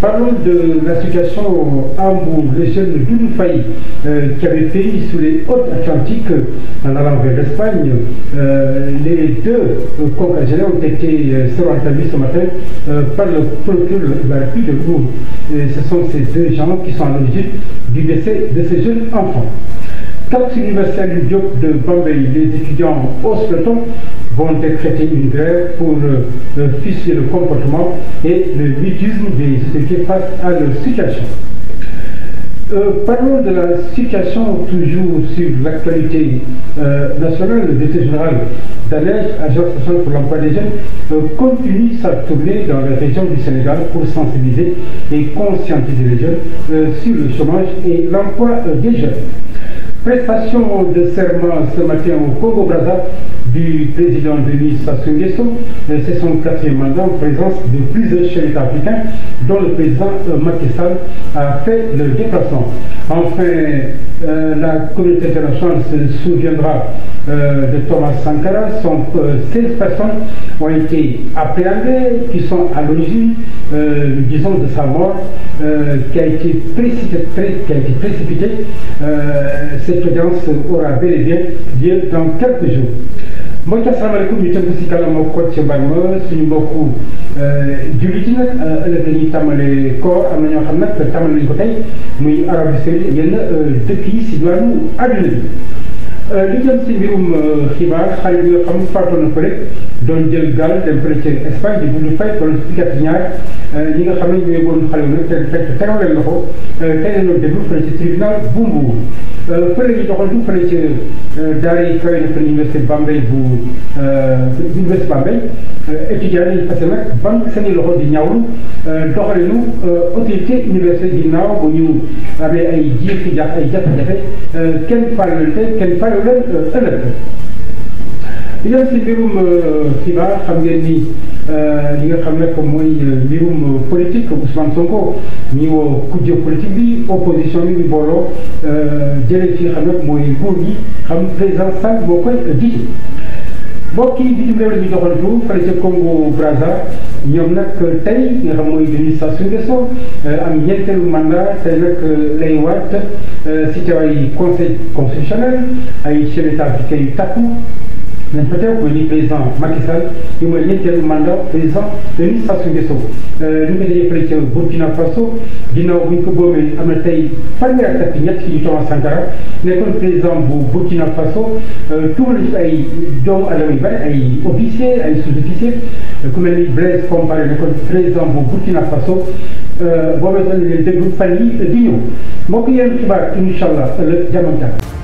Parlons de la situation à Hambourg, le jeune Doudou Faye euh, qui avait sous les Hautes-Atlantiques euh, en allant vers l'Espagne. Euh, les deux euh, congrégationnaires ont été euh, seront établis ce matin euh, par le procureur de la République de Bourg. Et ce sont qui sont à l'origine du décès de ce jeune enfant. Quatre universitaires du Diop de Bombay, les étudiants au Spleton, vont décréter une grève pour euh, ficher le comportement et le mutisme des sociétés face à leur situation. Euh, de la situation toujours sur l'actualité euh, nationale. Le directeur général d'ANEJ, Agence nationale pour l'emploi des jeunes, euh, continue sa dans la région du Sénégal pour sensibiliser et conscientiser les jeunes euh, sur le chômage et l'emploi des jeunes. prestation de serment ce matin au Congo-Brazzaville du président Denis Sassou Nguesso, c'est son quatrième en présence de plusieurs chefs africains dont le président euh, Macky Sall a fait le déplacement. Enfin, euh, la communauté internationale se souviendra euh, de Thomas Sankara. Son, euh, 16 personnes ont été appréhendées qui sont à l'origine, euh, disons, de sa mort euh, qui a été précipitée. Qui cette audience aura bel dans quelques jours. mbokk asalaamaaleykum ñu tënk si kàllaama Kocc Barma suñu mbokku euh, jullit ci nag euh, ëllëg dañuy tàmbale koor am na ñoo xam nag tàmbale nañu ko tey muy Arabie Saoudite yenn euh, dëkk yi si diwaanu àdduna bi. li jëm si mbirum xibaar xale bi nga xam faatoon na ko doon jël gaal dem fële ca Espagne di bu ñu fay wala fukki ñaar. Euh, ñi nga xam ne ñooy bon xale nag te fekk teew leen na ko euh, tey nañu déglu fële ci tribunal bumbu euh, fële ñu doxantu fële ci daara yi kawe na bu université Bambey étudiants yi fase nag banque seen i loxo di ñawlu doxalinu autorité université ginnaaw bu ñu amee ay jiir fi jax ay jafe-jafe kenn faru leen tey kenn faru leen ëllëg di leen si mbirum xibaar euh, xam ngeen ni euh, li nga xam ne que mooy mbirum euh, politique Ousmane Sonko ñi woo kujje politique bi opposition bi ñu booloo jëlee fi xam ne mooy nguur gi xam président Sall moo koy jiite. mbokk yi bitim réew la ñu doxantu ca Congo Brazza ñoom nag tey nga xam mooy Denis Sassou Nguesso am ñeenteelu mandat tey nag lay waat si teewaay conseil constitutionnel ay chefs d'État africains yu nañ fa teew ni président Macky Sall yu ma ñetteelu mandat président Denis Sassou Nguesso ñu ngi dajee fële Burkina Faso ginnaaw bu ñu ko boobee am na tey fanweer ak ñett yu Thomas Sankara nekkoon président bu Burkina Faso euh, tuumal ci ay doomu adama yu ay officier ay sous-officier ku ni Blaise Compaoré nekkoon président bu Burkina Faso boobee dañ leen déglu fan yi di ñëw mbokk yéen xibaar incha allah ëllëg jamono